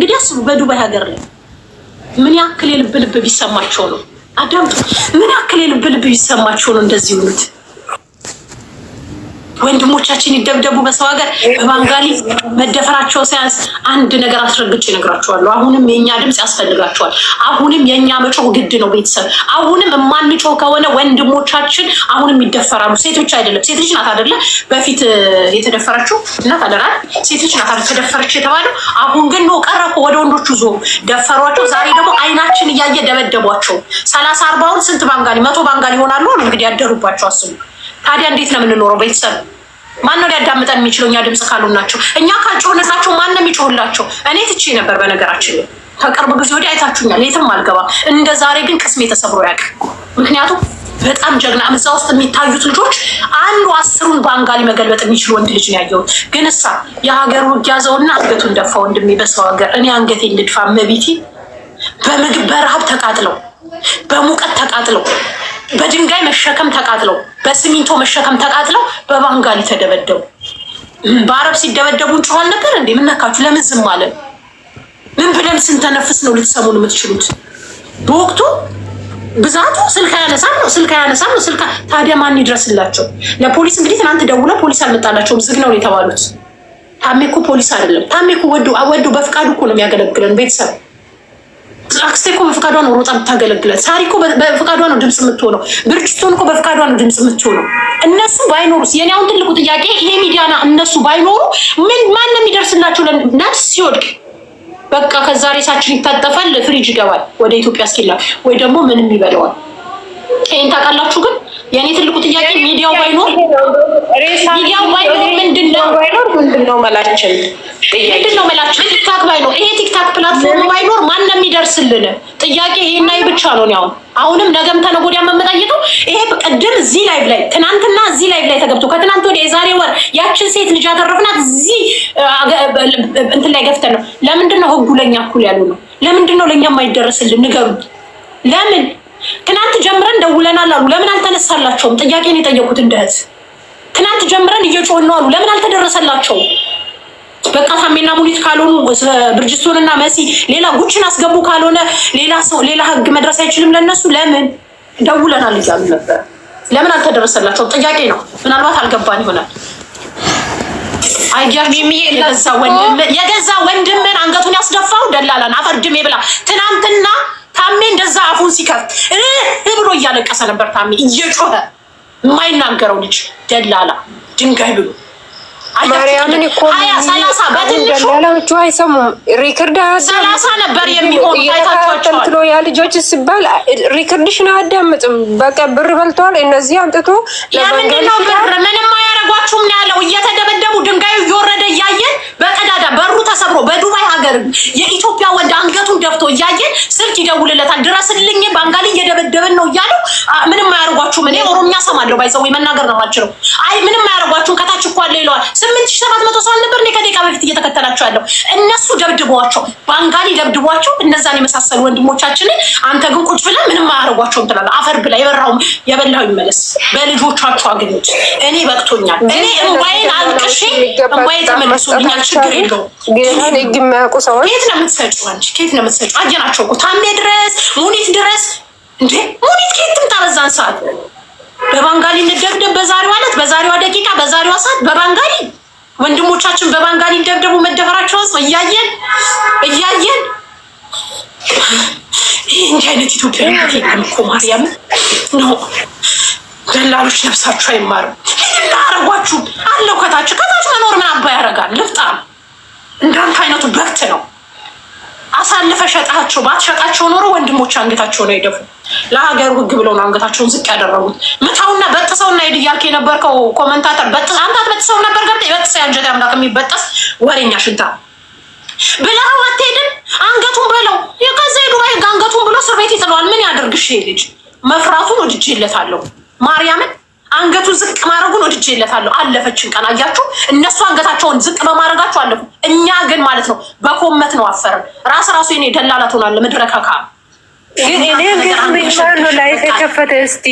እንግዲህ አስቡ በዱባይ ሀገር ላይ ምን ያክል የልብ ልብ ቢሰማቸው ነው? አዳምጡ። ምን ያክል የልብ ልብ ቢሰማቸው ነው እንደዚህ ይሉት? ወንድሞቻችን ይደብደቡ በሰው ሀገር በባንጋሊ መደፈራቸው ሳያንስ አንድ ነገር አስረግጬ እነግራቸዋለሁ። አሁንም የእኛ ድምፅ ያስፈልጋቸዋል። አሁንም የእኛ መጮህ ግድ ነው። ቤተሰብ አሁንም የማንጮህ ከሆነ ወንድሞቻችን አሁንም ይደፈራሉ። ሴቶች አይደለም ሴቶች ናት አደለ? በፊት የተደፈረችው እናት አደራል ሴቶች ናት ተደፈረች የተባለው። አሁን ግን ኖ ቀረኩ ወደ ወንዶቹ ዞ ደፈሯቸው። ዛሬ ደግሞ አይናችን እያየ ደበደቧቸው። ሰላሳ አርባውን ስንት ባንጋሊ መቶ ባንጋሊ ይሆናሉ እንግዲህ ያደሩባቸው አስቡ። ታዲያ እንዴት ነው የምንኖረው ቤተሰብ? ማን ነው ሊያዳምጠን የሚችለው? እኛ ድምፅ ካሉናቸው እኛ ካልጮህንላቸው ማን ነው የሚጮህላቸው? እኔ ትቼ ነበር በነገራችን ላይ ከቅርብ ጊዜ ወዲህ አይታችሁኛል፣ የትም አልገባም። እንደ ዛሬ ግን ቅስሜ ተሰብሮ ያውቅ። ምክንያቱም በጣም ጀግና እዛ ውስጥ የሚታዩት ልጆች አንዱ አስሩን በአንጋሊ መገልበጥ የሚችል ወንድ ልጅ ነው ያየሁት። ግን እሳ የሀገር ውጊያ ዘውና አንገቱን ደፋ ወንድሜ፣ በሰው ሀገር እኔ አንገቴ ልድፋ መቢቴ። በምግብ በረሃብ ተቃጥለው በሙቀት ተቃጥለው በድንጋይ መሸከም ተቃጥለው፣ በሲሚንቶ መሸከም ተቃጥለው፣ በባንጋሊ ተደበደቡ። በአረብ ሲደበደቡ እንጮኋል ነበር። እንዴ? ምነካችሁ ለምን ዝም አለን? ምን ብለን ስንተነፍስ ነው ልትሰሙን የምትችሉት? በወቅቱ ብዛቱ ስልክ ያነሳ ነው ስልክ ያነሳ ነው ስልክ። ታዲያ ማን ይድረስላቸው? ለፖሊስ እንግዲህ ትናንት ደውለው ፖሊስ አልመጣላቸውም፣ ዝግ ነው የተባሉት። ታሜኮ ፖሊስ አይደለም። ታሜ እኮ ወዱ በፍቃዱ እኮ ነው የሚያገለግለን ቤተሰብ አክስቴ እኮ በፍቃዷ ነው ሮጣ የምታገለግለን። ሳሪ እኮ በፍቃዷ ነው ድምፅ የምትሆነው። ብርጅስቶን እኮ በፍቃዷ ነው ድምፅ የምትሆነው። እነሱ ባይኖሩስ? የኔ አሁን ትልቁ ጥያቄ ይሄ ሚዲያና እነሱ ባይኖሩ ምን ማን ነው የሚደርስላቸው? ነፍስ ሲወድቅ በቃ ከዛ ሬሳችን ይታጠፋል፣ ፍሪጅ ይገባል ወደ ኢትዮጵያ እስኪላ ወይ ደግሞ ምንም ይበለዋል። ይህን ታውቃላችሁ ግን የእኔ ትልቁ ጥያቄ ሚዲያው ባይኖር ሚዲያው ባይኖር ምንድን ነው ምንድን ነው መላችን ምንድን ነው መላችን ቲክታክ ባይኖር ይሄ ቲክታክ ፕላትፎርም ባይኖር ማን ነው የሚደርስልን? ጥያቄ ይሄና ብቻ ነው። ያው አሁንም ነገም ተነገ ወዲያ መመጣየቱ ይሄ ቅድም እዚህ ላይቭ ላይ ትናንትና እዚህ ላይቭ ላይ ተገብቶ ከትናንት ወዲያ የዛሬ ወር ያችን ሴት ልጅ ያተረፍናት እዚህ እንትን ላይ ገፍተን ነው። ለምንድን ነው ህጉ ለኛ እኩል ያሉ ነው? ለምንድን ነው ለኛ የማይደረስልን? ንገሩ ለምን ትናንት ጀምረን ደውለናል አሉ። ለምን አልተነሳላቸውም? ጥያቄን የጠየቁት እንደ ህዝብ ትናንት ጀምረን እየጮህን ነው አሉ። ለምን አልተደረሰላቸውም? በቃ ታሜና ሙኒት ካልሆኑ ብርጅስቶንና መሲ ሌላ ጉችን አስገቡ ካልሆነ ሌላ ሰው ሌላ ህግ መድረስ አይችልም ለእነሱ ለምን ደውለናል እያሉ ነበር። ለምን አልተደረሰላቸውም? ጥያቄ ነው። ምናልባት አልገባን ይሆናል። የገዛ ወንድምን አንገቱን ያስደፋው ደላላን አፈርድሜ ብላ ትናንትና ታሜ እንደዛ አፉን ሲከፍት ብሎ እያለቀሰ ነበር። ታሜ እየጮኸ የማይናገረው ልጅ ደላላ ድንጋይ ብሎ ማርያምን እኮ ያለችው አይሰሙም። ሪከርድ ሰላሳ ነበር የሚሆኑ ያ ልጆች ሲባል ሪከርድሽን አያዳምጥም። በቃ ብር በልተዋል። እነዚህ አምጥቶ ለምንድን ነው ብር ምንም ነው ያለው። እየተደበደቡ ድንጋዩ እየወረደ እያየን በቀዳዳ በሩ ተሰብሮ በዱባይ ሀገር የኢትዮጵያ ወንድ አንገቱን ደፍቶ እያየን ስልክ ይደውልለታል። ድረስልኝ ባንጋሊ እየደበደብን ነው እያለው ምንም አያረጓችሁም እኔ እሳሳማለሁ። ባይዘው መናገር ነው የማልችለው። አይ ምንም አያደርጓችሁም ከታች እኮ አለ ይለዋል። ስምንት ሺህ ሰባት መቶ ሰው አልነበር እኔ ከደቂቃ በፊት እየተከተላችሁ ያለው እነሱ ደብድቧቸው፣ ባንጋሊ ደብድቧቸው፣ እነዛን የመሳሰሉ ወንድሞቻችንን አንተ ግን ቁጭ ብለህ ምንም አያደርጓቸውም ትላለህ። አፈር ብላ የበራው የበላው ይመለስ። በልጆቻችሁ አግኙት። እኔ በቅቶኛል። እኔ እምባዬን አልቅሼ እምባዬ ተመልሶልኛል። ችግር የለውም። ህግ የማያውቁ ሰዎች ከየት ነው የምትሰጪው አንቺ? ከየት ነው የምትሰጪው? አየናቸው እኮ ታሜ ድረስ ሙኒት ድረስ እንዴ ሙኒት ከየት ትምጣ በዛን ሰዓት በባንጋሊ እንደብደብ፣ በዛሬው ዕለት፣ በዛሬዋ ደቂቃ፣ በዛሬዋ ሰዓት በባንጋሊ ወንድሞቻችን በባንጋሊ እንደብደቡ መደበራቸውን እያየን እያየን ይህ እንዲህ አይነት ኢትዮጵያዊነት የለም እኮ ማርያም ነው። ደላሎች ነፍሳችሁ አይማርም። ምንም ላያረጓችሁ አለው። ከታች ከታች መኖር ምን አባ ያደርጋል? ልፍጣ እንዳንተ አይነቱ በክት ነው። አሳልፈ ሸጣቸው። ባትሸጣቸው ኖሮ ወንድሞች አንገታቸው ነው የደፉ። ለሀገሩ ህግ ብለው ነው አንገታቸውን ዝቅ ያደረጉት። ምታውና በጥሰውና ሄድ እያልክ የነበርከው ኮመንታተር አንታት በጥሰው ነበር። ገብ የበጥሰህ አንጀት አምላክ የሚበጠስ ወሬኛ ሽንታ ብለው አትሄድም። አንገቱን በለው የከዛ የዱባይ ህግ አንገቱን ብሎ እስር ቤት ይጥለዋል። ምን ያደርግሽ ልጅ መፍራቱን ወድጄለታለሁ ማርያምን አንገቱን ዝቅ ማድረጉን ወድጄለታለሁ። አለፈችን ቀን አያችሁ፣ እነሱ አንገታቸውን ዝቅ በማድረጋቸው አለፉ። እኛ ግን ማለት ነው በኮመት ነው አፈርን። ራስ ራሱ የኔ ደላላ ትሆናለህ። መድረካካ ግን እኔ ግን ላይፍ የከፈተ እስቲ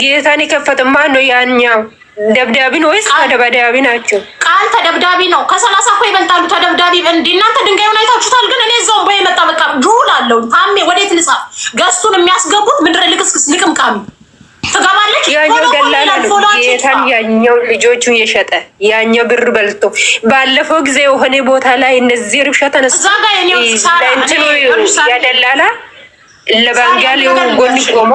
ጌታን የከፈተ ማነው? ያኛው ደብዳቢ ነው ወይስ ተደብዳቢ ናቸው? ቃል ተደብዳቢ ነው። ከሰላሳ እኮ ይበልጣሉ። ተደብዳቢ እንዲ እናንተ ድንጋዩን አይታችሁታል። ግን እኔ እዛውም በየመጣ በቃ ዱል አለው ታሜ ወዴት ልጻፍ? ገሱን የሚያስገቡት ምድረ ልቅስቅስ ልቅምቃሚ ትገባለች። ያኛው ደላላ ነው ጌታን ያኛው ልጆቹ የሸጠ ያኛው ብር በልቶ ባለፈው ጊዜ የሆነ ቦታ ላይ እነዚህ ርብሻ ተነሳ ለእንትኑ ያደላላ ለባንጋሌው ጎን ቆሞ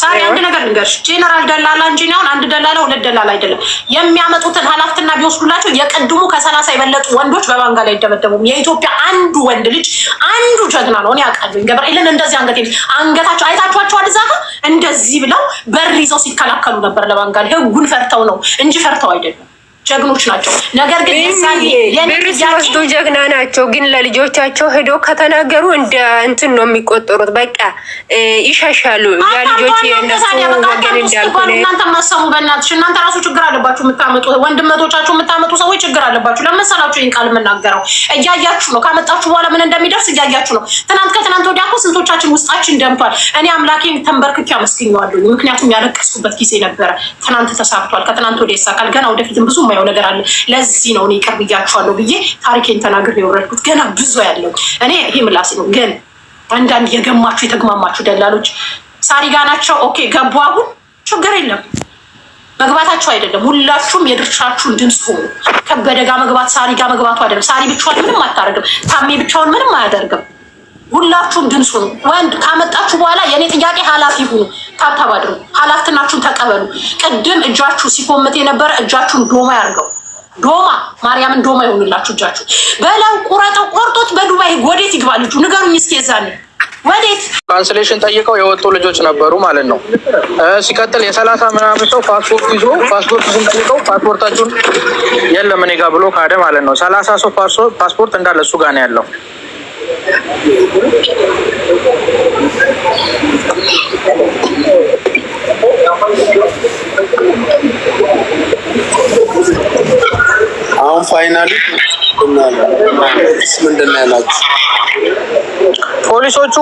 ሳሪ አንድ ነገር ንገርሽ፣ ጄነራል ደላላ እንጂ አሁን አንድ ደላላ ሁለት ደላላ አይደለም። የሚያመጡትን ሀላፍትና ቢወስዱላቸው የቅድሙ ከሰላሳ የበለጡ ወንዶች በባንጋ ላይ አይደበደቡም። የኢትዮጵያ አንዱ ወንድ ልጅ አንዱ ጀግና ነው። እኔ አውቃለሁኝ። ገብርኤልን እንደዚህ አንገት አንገታቸው አይታችኋቸዋል። አድዛፋ እንደዚህ ብለው በር ይዘው ሲከላከሉ ነበር ለባንጋ ላይ። ህጉን ፈርተው ነው እንጂ ፈርተው አይደለም። ጀግኖች ናቸው። ነገር ግን ወስዶ ጀግና ናቸው፣ ግን ለልጆቻቸው ሄዶ ከተናገሩ እንደ እንትን ነው የሚቆጠሩት። በቃ ይሻሻሉ። ለልጆች የነሱ እናንተ ማሰሙ በእናትሽ እናንተ ራሱ ችግር አለባችሁ የምታመጡ ወንድመቶቻችሁ የምታመጡ ሰዎች ችግር አለባችሁ። ለመሰላችሁ ይህን ቃል የምናገረው እያያችሁ ነው። ካመጣችሁ በኋላ ምን እንደሚደርስ እያያችሁ ነው። ትናንት ከትናንት ወዲያ እኮ ስንቶቻችን ውስጣችን ደምቷል። እኔ አምላኬን ተንበርክኬ አመስግኘዋለሁ፣ ምክንያቱም ያለቀስኩበት ጊዜ ነበረ። ትናንት ተሳክቷል፣ ከትናንት ወዲያ ይሳካል። ገና ወደፊትም ብዙ የማየው ነገር አለ። ለዚህ ነው እኔ ቅር ብዬ ታሪኬን ተናግሬ የወረድኩት። ገና ብዙ ያለው እኔ ይሄ ምላሴ ነው። ግን አንዳንድ የገማችሁ የተግማማችሁ ደላሎች ሳሪ ጋ ናቸው። ኦኬ ገቡ። አሁን ችግር የለም መግባታቸው አይደለም። ሁላችሁም የድርሻችሁን ድምፅ ሆኑ። ከበደ ጋ መግባት ሳሪ ጋ መግባቱ አይደለም። ሳሪ ብቻዋን ምንም አታደርግም። ታሜ ብቻውን ምንም አያደርግም። ሁላችሁም ድምፅ ነው። ወንድ ካመጣችሁ በኋላ የእኔ ጥያቄ ኃላፊ ሁኑ። ታብታብ አድርጉ፣ ኃላፊነታችሁን ተቀበሉ። ቅድም እጃችሁ ሲኮምት የነበረ እጃችሁን ዶማ ያርገው። ዶማ ማርያምን ዶማ ይሆንላችሁ። እጃችሁ በለው ቁረጠው። ቆርጦት በዱባይ ወዴት ይግባ ልጁ? ንገሩኝ እስኪ የዛኔ ወዴት ካንስሌሽን ጠይቀው የወጡ ልጆች ነበሩ ማለት ነው። ሲቀጥል የሰላሳ ምናምን ሰው ፓስፖርት ይዞ ፓስፖርት ይዞ ጠይቀው ፓስፖርታችሁን የለም እኔ ጋ ብሎ ካደ ማለት ነው። ሰላሳ ሰው ፓስፖርት እንዳለ እሱ ጋር ነው ያለው። አሁን ፋይናሊ ምንድን ያላችሁ? ፖሊሶቹ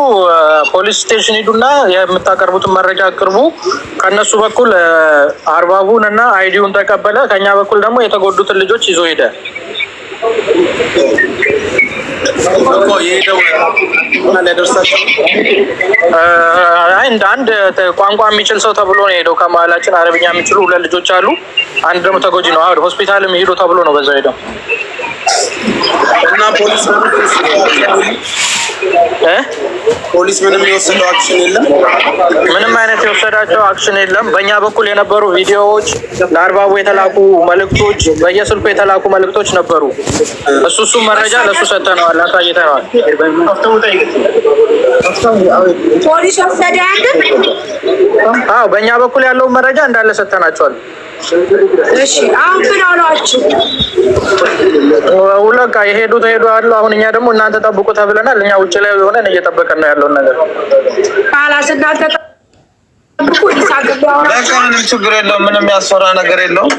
ፖሊስ ስቴሽን ሂዱና የምታቀርቡትን መረጃ አቅርቡ። ከነሱ በኩል አርባቡን እና አይዲውን ተቀበለ። ከኛ በኩል ደግሞ የተጎዱትን ልጆች ይዞ ሄደ። እኮ የሄደው ሊያደርሳቸው እንደ አንድ ቋንቋ የሚችል ሰው ተብሎ ነው የሄደው። ከመሀላችን አረብኛ የሚችሉ ሁለት ልጆች አሉ። አንድ ደግሞ ተጎጂ ነው። አሁን ሆስፒታል የሚሄዱ ተብሎ ነው በዛው ሄደው እና ፖሊስ ፖሊስ ምንም የወሰደው አክሽን የለም። ምንም አይነት የወሰዳቸው አክሽን የለም። በእኛ በኩል የነበሩ ቪዲዮዎች፣ ለአርባቡ የተላኩ መልእክቶች፣ በየስልኩ የተላኩ መልእክቶች ነበሩ። እሱ እሱ መረጃ ለእሱ ሰተነዋል፣ አሳይተነዋል። ፖሊስ ወሰደ። በእኛ በኩል ያለውን መረጃ እንዳለ ሰተናቸዋል። እሺ አሁን ምን አሏችሁ? ሁለቃ የሄዱ ተሄዱ አሉ። አሁን እኛ ደግሞ እናንተ ጠብቁ ተብለናል። እኛ ውጭ ላይ ሆነን እየጠበቀን ነው ያለውን ነገር ካላስ እናንተ ጠብቁ። ይሳቅ ችግር የለውም። ምንም ያስፈራ ነገር የለውም።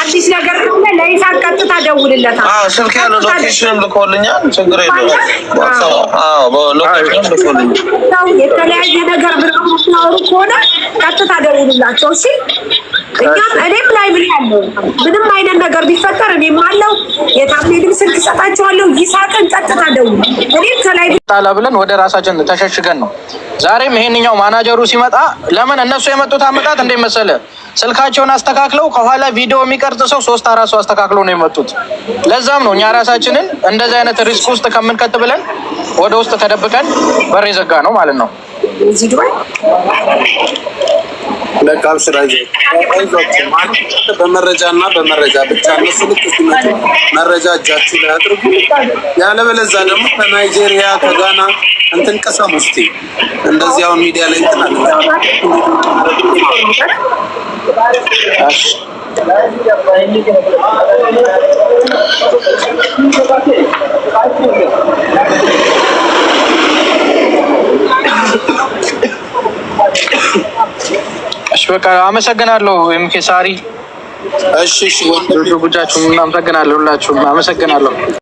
አዲስ ነገር ካለ ለይሳቅ ቀጥታ ደውልለታል። ስልክ ያለው ልኮልኛል። ችግር የተለያየ ነገር ከሆነ ቀጥታ ደውልላቸው። እሺ እኛም እኔም ላይ ያለው ምንም አይነት ነገር ቢፈጠር እኔም አለው የታሜድም ስልክ ሰጣቸዋለሁ። ይሳቅን ቀጥታ ደውል። እኔም ከላይ ጣላ ብለን ወደ ራሳችን ተሸሽገን ነው። ዛሬም ይሄንኛው ማናጀሩ ሲመጣ ለምን እነሱ የመጡት አመጣት መሰለ ስልካቸውን አስተካክለው ሰው ከኋላ ቪዲዮ የሚቀርጽ ሰው ሶስት አራት ሰው አስተካክሎ ነው የመጡት። ለዛም ነው እኛ ራሳችንን እንደዚህ አይነት ሪስክ ውስጥ ከምንከት ብለን ወደ ውስጥ ተደብቀን በር የዘጋ ነው ማለት ነው። ለቃም ስራ እና በመረጃ ብቻ እነሱ ልክ ሲመጡ መረጃ እጃችሁ ላይ አድርጉ። ያለበለዛ ደግሞ ከናይጄሪያ ከጋና እንትን ቅሰም ውስጥ እንደዚህ ሚዲያ ላይ እንትን አለ እሺ በቃ አመሰግናለሁ። ኤምኬ ሳሪ። እሺ እሺ፣ ጉዳችሁም እናመሰግናለሁ። ሁላችሁም አመሰግናለሁ።